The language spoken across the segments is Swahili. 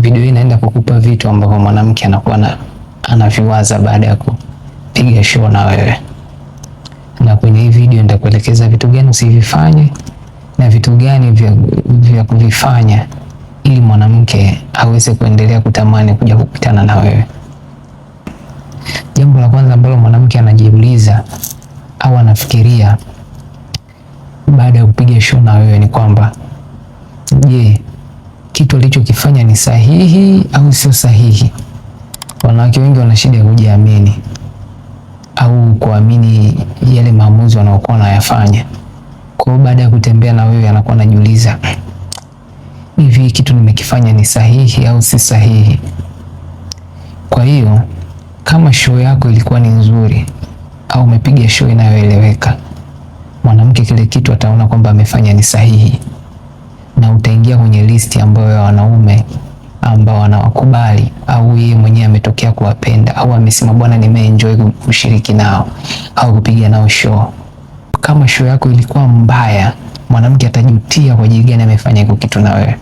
video hii inaenda kukupa vitu ambavyo mwanamke anakuwa anaviwaza baada ya kupiga show na wewe, na kwenye hii video nitakuelekeza vitu gani usivifanye na vitu gani vya, vya kuvifanya ili mwanamke aweze kuendelea kutamani kuja kukutana na wewe. Jambo la kwanza ambalo mwanamke anajiuliza au anafikiria baada ya kupiga show na wewe ni kwamba je, kitu alichokifanya ni sahihi au sio sahihi. Wanawake wengi wana shida ya kujiamini au kuamini yale maamuzi wanaokuwa wanayafanya. Kwa hiyo baada ya kutembea na wewe, anakuwa anajiuliza hivi, kitu nimekifanya ni sahihi au si sahihi? Kwa hiyo kama show yako ilikuwa ni nzuri au umepiga show inayoeleweka, mwanamke kile kitu ataona kwamba amefanya ni sahihi na utaingia kwenye listi ambayo ya wanaume ambao wanawakubali au yeye mwenyewe ametokea kuwapenda au amesema bwana, nimeenjoy kushiriki nao au kupiga nao show. Kama show yako ilikuwa mbaya, mwanamke atajutia kwa jili gani amefanya hiko kitu na wewe.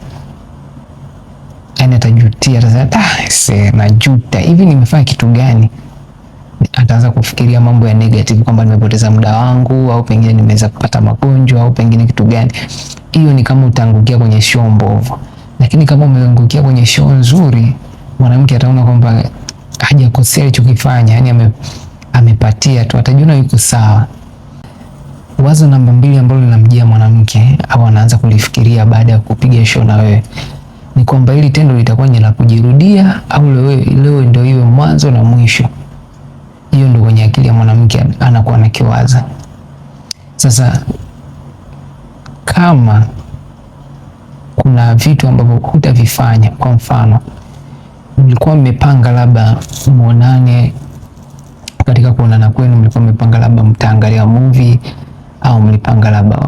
Yaani atajutia, atasema ah, najuta hivi, nimefanya kitu gani? ataanza kufikiria mambo ya negative kwamba nimepoteza muda wangu au pengine nimeweza kupata magonjwa au pengine kitu gani. Hiyo ni kama utaangukia kwenye show mbovu, lakini kama umeangukia kwenye show nzuri, mwanamke ataona kwamba hajakosea alichokifanya, yani ame, amepatia tu, atajiona yuko sawa. Wazo namba mbili ambalo linamjia mwanamke au anaanza kulifikiria baada ya kupiga show na wewe ni kwamba hili tendo litakuwa ni la kujirudia au leo, leo ndio iwe mwanzo na mwisho hiyo ndio kwenye akili ya mwanamke anakuwa kiwaza. Sasa kama kuna vitu ambavyo hutavifanya, kwa mfano mlikuwa mmepanga labda muonane, katika kuonana kwenu mlikuwa mmepanga labda mtaangalia movie au mlipanga labda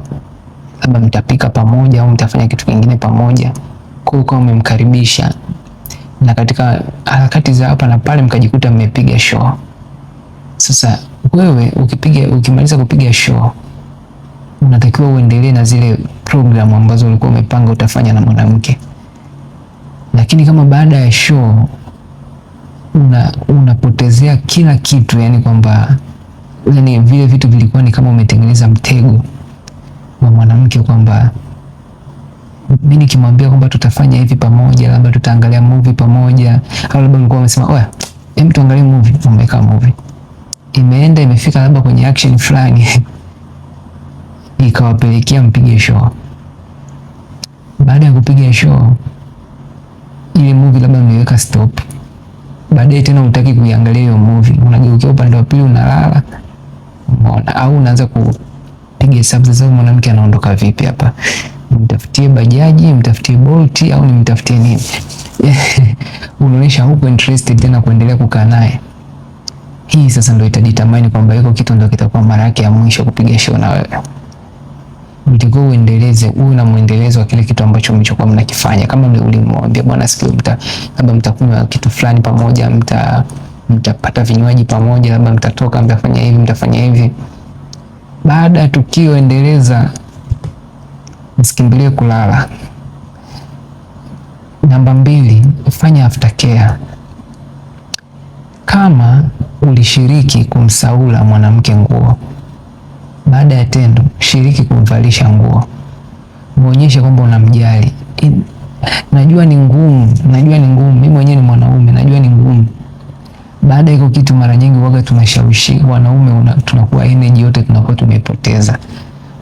labda mtapika pamoja au mtafanya kitu kingine pamoja, kwa hiyo kama mmemkaribisha na katika harakati za hapa na pale mkajikuta mmepiga show. Sasa wewe ukipiga ukimaliza kupiga show unatakiwa uendelee na zile programu ambazo ulikuwa umepanga utafanya na mwanamke, lakini kama baada ya show una unapotezea kila kitu, yani kwamba yani vile vitu vilikuwa ni kama umetengeneza mtego wa mwanamke, kwamba mimi nikimwambia kwamba tutafanya hivi pamoja, labda tutaangalia movie pamoja, au labda ulikuwa umesema oya, hem, tuangalie movie, tumekaa movie imeenda imefika labda kwenye action fulani ikawapelekea mpige show. Baada ya kupiga show ile movie labda mliweka stop, baadaye tena utaki kuiangalia hiyo movie, unageukia upande wa pili unalala, umeona au unaanza kupiga hesabu sasa, mwanamke anaondoka vipi hapa? Nimtafutie bajaji, nimtafutie Bolt au nimtafutie nini? Unaonyesha huko interested tena kuendelea kukaa naye. Hii sasa ndio itajitamani kwamba hiko kitu ndio kitakuwa mara yake ya mwisho kupiga show na wewe. Mtiko uendeleze, uwe na mwendelezo wa kile kitu ambacho mlichokuwa mnakifanya. Kama ulimwambia bwana, sikio, mta labda mtakunywa kitu fulani pamoja, mta mtapata vinywaji pamoja, labda mtatoka, mtafanya hivi, mtafanya hivi. Baada ya tukio, endeleza, msikimbilie kulala. Namba mbili, fanya aftercare kama ulishiriki kumsaula mwanamke nguo. Baada ya tendo, shiriki kumvalisha nguo, muonyeshe kwamba unamjali. Najua ni ngumu, najua ni ngumu, mimi mwenyewe ni mwanaume, najua ni ngumu. Baada ya hiko kitu, mara nyingi waga tunashawishi wanaume, tunakuwa energy yote tunakuwa tumepoteza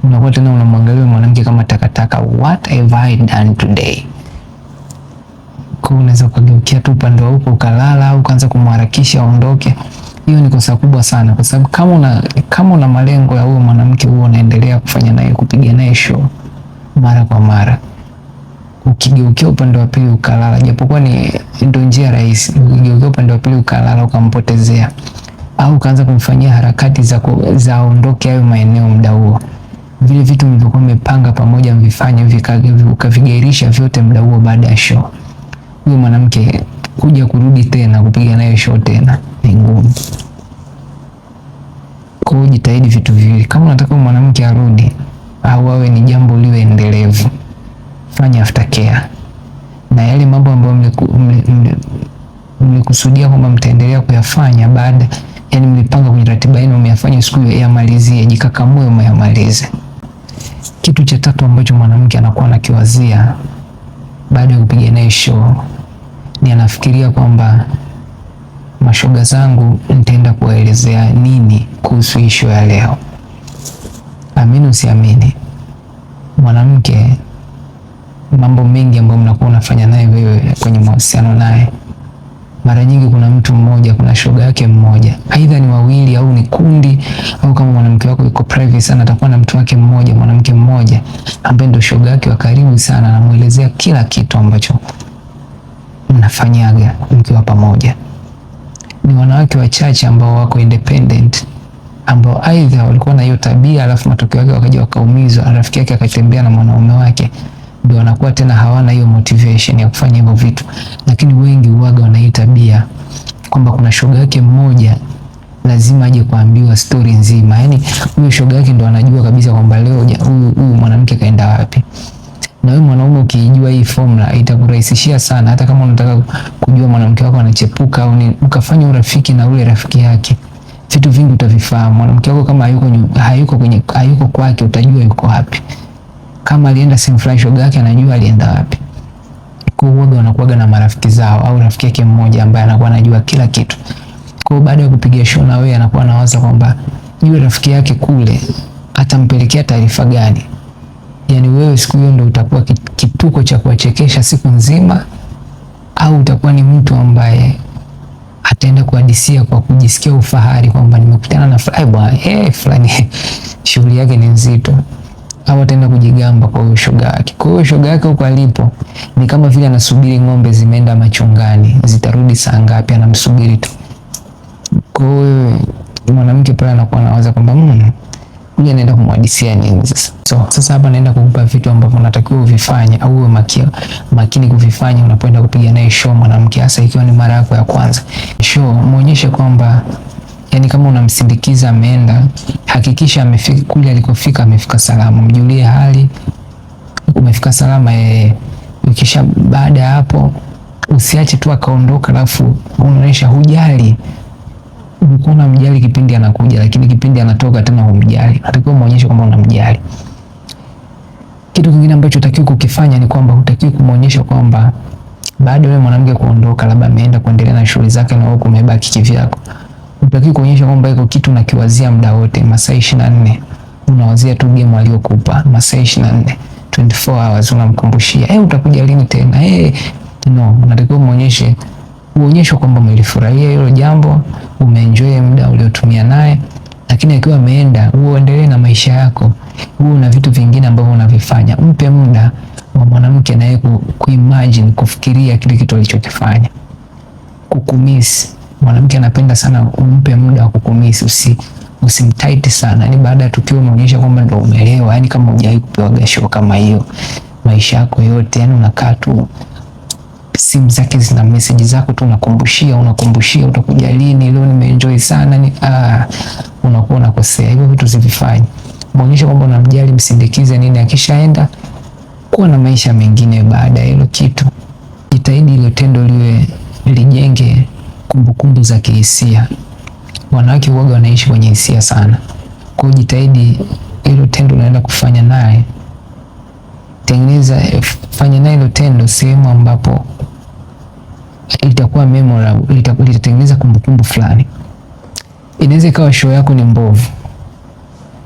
unakuwa tena unamwangalia mwanamke kama takataka. What have I done today? Kwa unaweza ukageukia tu upande wa huko ukalala au ukaanza kumharakisha aondoke. Hiyo ni kosa kubwa sana, kwa sababu kama una kama una malengo ya huyo mwanamke huo unaendelea kufanya naye kupiga naye show mara kwa mara, ukigeukia upande wa pili ukalala, japokuwa ni ndio njia rahisi, ukigeukia upande wa pili ukalala ukampotezea au ukaanza kumfanyia harakati za ku, za aondoke hayo maeneo muda huo vile vitu mlivyokuwa mmepanga pamoja mvifanye vikavigairisha vyote muda huo baada ya show huyu mwanamke kuja kurudi tena kupiga naye show tena ni ngumu. Kwa hiyo jitahidi vitu viwili, kama unataka mwanamke arudi au awe ni jambo liwe endelevu, fanya aftercare na yale mambo ambayo mlikusudia kwamba mtaendelea kuyafanya baada, yani mlipanga kwenye ratiba yenu, umeyafanya siku hiyo, yamalizie, jikakamue umeyamalize. Kitu cha tatu ambacho mwanamke anakuwa anakiwazia baada ya kupiga naye show ni anafikiria kwamba mashoga zangu nitaenda kuwaelezea nini kuhusu ishu ya leo. Amini usiamini, mwanamke, mambo mengi ambayo mnakuwa unafanya naye wewe kwenye mahusiano naye, mara nyingi kuna mtu mmoja, kuna shoga yake mmoja, aidha ni wawili au ni kundi, au kama mwanamke wako yuko private sana, atakuwa na mtu wake mmoja, mwanamke mmoja ambaye ndio shoga yake wa karibu sana, anamuelezea kila kitu ambacho mnafanyaga mkiwa pamoja. Ni wanawake wachache ambao wako independent ambao aidha walikuwa na hiyo tabia alafu matokeo yake wakaja wakaumizwa, rafiki yake akatembea na mwanaume wake, ndio wanakuwa tena hawana hiyo motivation ya kufanya hivyo vitu. Lakini wengi huaga wana hiyo tabia kwamba kuna shoga yake mmoja lazima aje kuambiwa stori nzima, yani huyo shoga yake ndo anajua kabisa kwamba leo huyu mwanamke kaenda wapi na wewe mwanaume ukijua hii formula itakurahisishia sana, hata kama unataka kujua mwanamke wako anachepuka au ukafanya urafiki na ule rafiki yake, vitu vingi utavifahamu. Mwanamke wako kama hayuko hayuko kwenye hayuko kwake, utajua yuko wapi. Kama alienda sehemu fulani, shoga yake anajua alienda wapi. Kwa hiyo wanakuwaga na marafiki zao au rafiki yake mmoja ambaye anakuwa anajua kila kitu. Kwa hiyo baada ya kupiga show na wewe, anakuwa anawaza kwamba yule rafiki yake kule atampelekea taarifa gani yani wewe siku hiyo ndo utakuwa kituko cha kuwachekesha siku nzima, au utakuwa ni mtu ambaye ataenda kuhadisia kwa kujisikia ufahari kwamba nimekutana na fulani eh, bwana, eh, fulani shughuli yake ni nzito, au ataenda kujigamba kwa shoga yake. Kwa hiyo shoga yake huko alipo ni kama vile anasubiri ng'ombe zimeenda machungani, zitarudi saa ngapi, anamsubiri tu. Kwa hiyo mwanamke pale anakuwa anawaza kwamba mmm Kuja naenda kumwadisia nini sasa? So sasa hapa naenda kukupa vitu ambavyo unatakiwa uvifanye au uwe makini, makini kuvifanya unapoenda kupiga naye show mwanamke, hasa ikiwa ni mara yako ya kwanza. Show muonyeshe kwamba yani kama unamsindikiza ameenda, hakikisha amefika kule alikofika, amefika salama. Mjulie hali, umefika salama yeye. Eh, ukisha baada ya hapo, usiache tu akaondoka, alafu unaonyesha hujali ulikuwa unamjali kipindi anakuja, lakini kipindi anatoka tena humjali. Natakiwa muonyeshe kwamba unamjali. Kitu kingine ambacho utakiwa kukifanya ni kwamba utakiwa kumuonyesha kwamba baada ya mwanamke kuondoka, labda ameenda kuendelea na shughuli zake na wewe umebaki kivyako. utakiwa kuonyesha kwamba iko kitu unakiwazia muda wote, masaa 24 unawazia tu game aliyokupa masaa 24, 24 hours unamkumbushia, eh, utakuja lini tena? Eh, no, natakiwa muonyeshe uonyeshe kwamba umelifurahia hilo jambo, umeenjoy muda uliotumia naye. Lakini akiwa ameenda, uendelee na maisha yako, huo na vitu vingine ambavyo unavifanya. Mpe muda wa mwanamke naye kuimagine, kufikiria kile kitu alichokifanya, kukumisi. Mwanamke anapenda sana umpe muda wa kukumisi, usi usimtaiti sana. ni yaani baada ya tukio unaonyesha kwamba ndo umeelewa, yani kama hujawahi kupewa gasho kama hiyo maisha yako yote, yani unakaa tu simu zake zina meseji zako tu, unakumbushia unakumbushia, utakuja lini? Leo nimeenjoy sana ni ah, unakuwa unakosea. Hivyo vitu zivifanye, muonyeshe kwamba unamjali, msindikize nini. Akishaenda kuwa na maisha mengine baada ya hilo kitu. Jitahidi ile tendo liwe lijenge kumbukumbu za kihisia. Wanawake huwaga wanaishi kwenye hisia sana, kwa hiyo jitahidi hilo tendo unaenda kufanya naye tengeneza, fanya naye hilo tendo sehemu ambapo litakuwa memorable, litatengeneza kumbukumbu fulani. Inaweza ikawa show yako ni mbovu,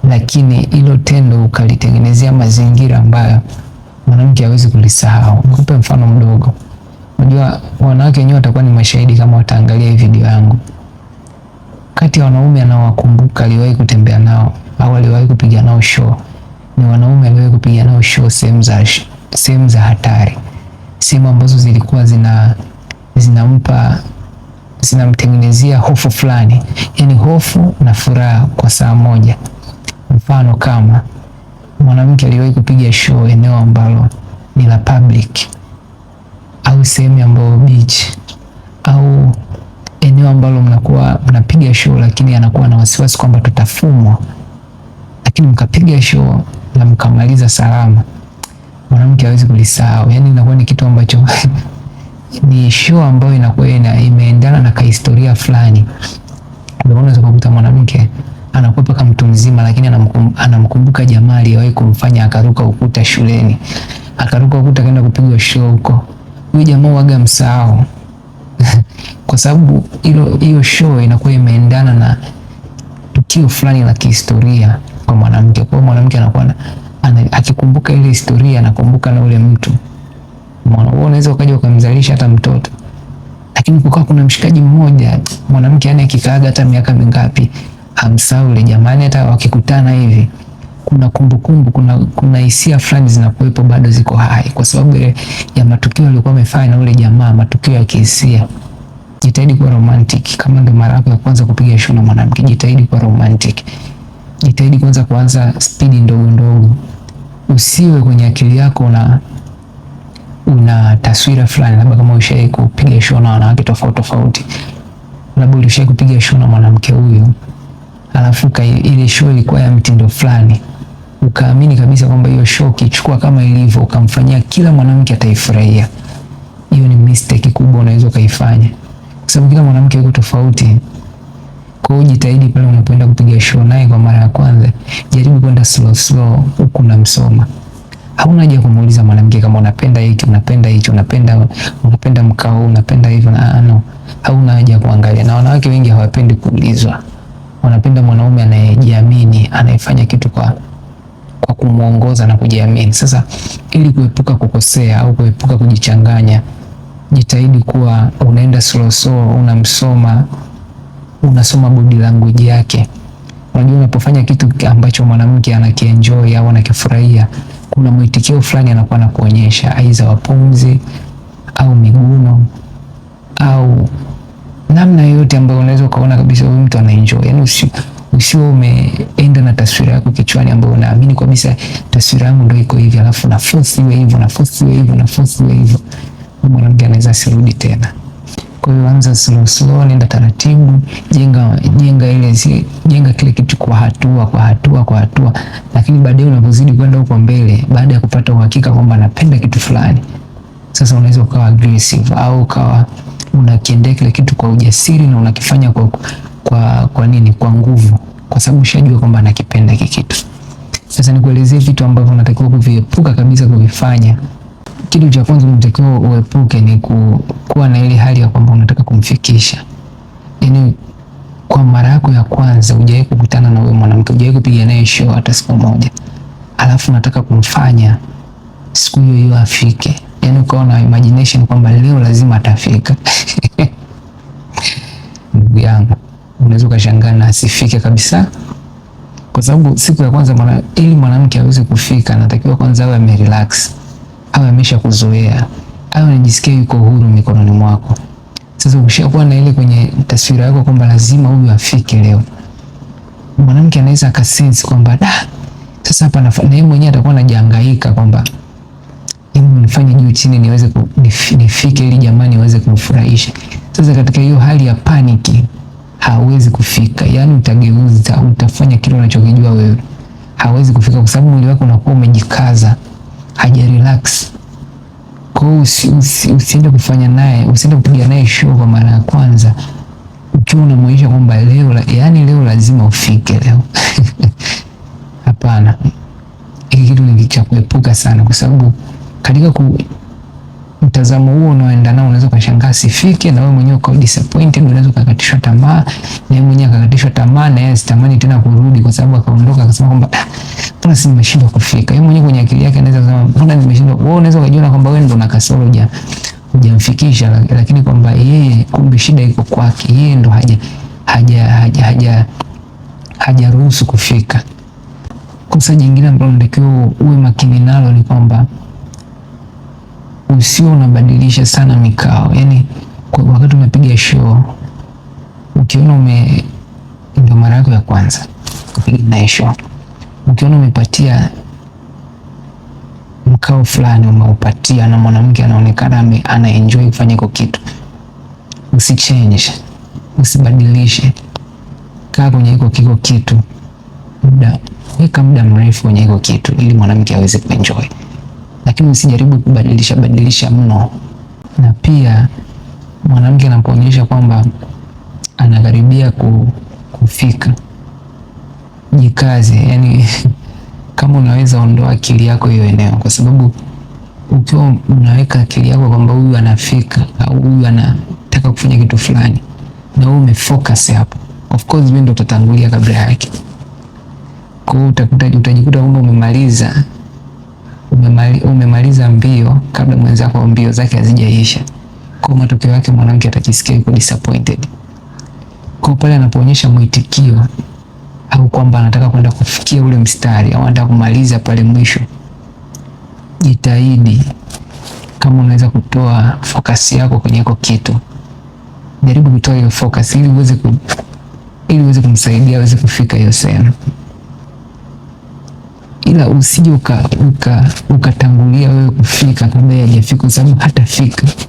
lakini hilo tendo ukalitengenezea mazingira ambayo mwanamke hawezi kulisahau. Nikupe mfano mdogo. Unajua wanawake wenyewe watakuwa ni mashahidi kama wataangalia hii video yangu. Kati ya wanaume anaowakumbuka aliwahi kutembea nao au aliwahi kupiga nao show ni wanaume aliwahi kupiga nao show sehemu za sehemu za hatari, sehemu ambazo zilikuwa zina zinampa zinamtengenezea hofu fulani, yaani hofu na furaha kwa saa moja. Mfano kama mwanamke aliyewahi kupiga show eneo ambalo ni la public au sehemu ambayo beach au eneo ambalo mnakuwa mnapiga show, lakini anakuwa na wasiwasi kwamba tutafumwa, lakini mkapiga show na mkamaliza salama, mwanamke hawezi kulisahau. Yani inakuwa ni kitu ambacho ni show ambayo inakuwa imeendana na kahistoria fulani. Unaweza kukuta mwanamke anakuwa paka mtu mzima, lakini anamkumbuka jamaa aliyewahi kumfanya akaruka ukuta shuleni, akaruka ukuta kaenda kupigwa show huko. Huyu jamaa waga msahau kwa sababu hiyo show inakuwa imeendana na tukio fulani la kihistoria kwa mwanamke. Kwa hiyo mwanamke anakuwa akikumbuka ile historia anakumbuka na ule mtu mwana huo unaweza ukaja ukamzalisha hata mtoto, lakini kukawa kuna mshikaji mmoja mwanamke, yani akikaaga hata miaka mingapi hamsauli jamani, hata wakikutana hivi kuna kumbukumbu kumbu, kuna kuna hisia fulani zinakuwepo bado ziko hai, kwa sababu ya matukio aliyokuwa amefanya na ule jamaa, matukio ya kihisia. Jitahidi kuwa romantic. Kama ndio mara yako ya kwanza kupiga show na mwanamke, jitahidi kuwa romantic, jitahidi kwanza kuanza spidi ndogo ndogo, usiwe kwenye akili yako na una taswira fulani, labda kama ushawahi kupiga show na wanawake tofauti tofauti, labda ulishawahi kupiga show na mwanamke huyu, alafu ile show ilikuwa ya mtindo fulani, ukaamini kabisa kwamba hiyo show ukichukua kama ilivyo, ukamfanyia kila mwanamke ataifurahia, hiyo ni mistake kubwa unaweza ukaifanya, kwa sababu kila mwanamke yuko tofauti. Kwa hiyo jitahidi pale unapoenda kupiga show naye kwa mara ya kwanza, jaribu kwenda slow slow, huku na msoma Hauna haja kumuuliza mwanamke kama unapenda hiki, unapenda hicho, unapenda unapenda mkao, unapenda hivyo na ano. Ah, Hauna haja kuangalia. Na wanawake wengi hawapendi kuulizwa. Wanapenda mwanaume anayejiamini, anayefanya kitu kwa kwa kumuongoza na kujiamini. Sasa ili kuepuka kukosea au kuepuka kujichanganya, jitahidi kuwa unaenda slow slow, unamsoma, unasoma body language yake. Unajua unapofanya kitu ambacho mwanamke anakienjoy au anakifurahia kuna mwitikio fulani anakuwa anakuonyesha, aidha wapumzi au miguno au namna yoyote ambayo unaweza ukaona kabisa huyu mtu anaenjoy. Yani usi, usio umeenda na taswira yako kichwani ambayo unaamini kabisa taswira yangu ndio iko hivi, alafu na force iwe hivyo na force iwe hivyo na force iwe hivyo, mwanamke anaweza asirudi tena. Kwa hiyo anza slow slow, nenda taratibu, jenga jenga ile jenga kile kitu kwa hatua kwa hatua kwa hatua, lakini baadaye unapozidi kwenda huko mbele, baada ya kupata uhakika kwamba napenda kitu fulani, sasa unaweza ukawa aggressive au ukawa unakiendea kile kitu kwa ujasiri na unakifanya kwa, kwa, kwa nini kwa nguvu, kwa sababu ushajua kwamba nakipenda hiki kitu. Sasa nikuelezee vitu ambavyo unatakiwa kuviepuka kabisa kuvifanya kitu cha kwanza unatakiwa uepuke ni ku, kuwa na ile hali ya kwamba unataka kumfikisha, yaani kwa mara yako ya kwanza hujawahi kukutana na huyo mwanamke, hujawahi kupiga naye show hata siku moja, alafu nataka kumfanya siku hiyo hiyo afike, yaani ukawa na imagination kwamba leo lazima atafika. Ndugu yangu, unaweza ukashangaa na asifike kabisa, kwa sababu siku ya kwanza mwana, ili mwanamke aweze kufika anatakiwa kwanza awe amerelax awe ameshakuzoea, au anajisikia yuko huru mikononi mwako. Sasa ukishakuwa na ile kwenye taswira yako kwamba lazima huyu afike leo, mwanamke anaweza akasense kwamba da, sasa hapa na yeye mwenyewe atakuwa anajihangaika kwamba hebu nifanye juu chini niweze nif, nifike ili jamani niweze kumfurahisha. Sasa katika hiyo hali ya paniki hawezi kufika, yani utageuza, utafanya kile unachokijua wewe, hawezi kufika kwa sababu mwili wako unakuwa umejikaza haja relax. Kwa hiyo usiende kufanya naye, usiende kupiga naye show kwa mara ya kwanza ukiwa unamwonyesha kwamba leo, yani leo lazima ufike leo. Hapana, hiki kitu ni cha kuepuka sana, kwa sababu katika ku mtazamo huo unaoenda nao, unaweza kushangaa sifike, na wewe mwenyewe ukawa disappointed, unaweza kukatishwa tamaa, na yeye mwenyewe akakatishwa tamaa, na yeye asitamani tena kurudi, kwa sababu akaondoka akasema kwamba ah, mbona si nimeshindwa kufika. Yeye mwenyewe kwenye akili yake anaweza kusema mbona nimeshindwa. Wewe unaweza kujiona kwamba wewe ndio una ja hujamfikisha, lakini kwamba yeye kumbe shida iko kwake, yeye ndo haja haja haja haja hajaruhusu kufika. Kosa jingine ambalo natakiwa uwe makini nalo ni kwamba usio unabadilisha sana mikao, yani kwa wakati unapiga show ukiona ume, ndio mara yako ya kwanza kupiga naye show, ukiona umepatia mkao fulani umeupatia na mwanamke anaonekana ana enjoy kufanya hiko kitu, usichange, usibadilishe. Kaa kwenye iko kiko kitu muda, weka muda mrefu kwenye hiko kitu ili mwanamke aweze kuenjoy lakini msijaribu kubadilisha badilisha mno. Na pia mwanamke anapoonyesha kwamba anakaribia ku, kufika, jikaze. Yani kama unaweza ondoa akili yako hiyo eneo, kwa sababu ukiwa unaweka akili yako kwamba huyu anafika au huyu anataka kufanya kitu fulani, na wewe umefocus hapo, of course mimi ndo utatangulia kabla yake. Kwa hiyo utakuta utajikuta kwamba umemaliza umemaliza mbio kabla mwenzako mbio zake hazijaisha. Kwa matokeo yake mwanamke atajisikia yuko disappointed kwa pale anapoonyesha mwitikio au kwamba anataka kwenda kufikia ule mstari au anataka kumaliza pale mwisho. Jitahidi kama unaweza kutoa focus yako kwenye hiko kitu, jaribu kutoa hiyo focus ili uweze ku, ili uweze kumsaidia aweze kufika hiyo sehemu ila usije ukatangulia uka, uka wewe kufika kabla hajafika, kwa sababu hatafika.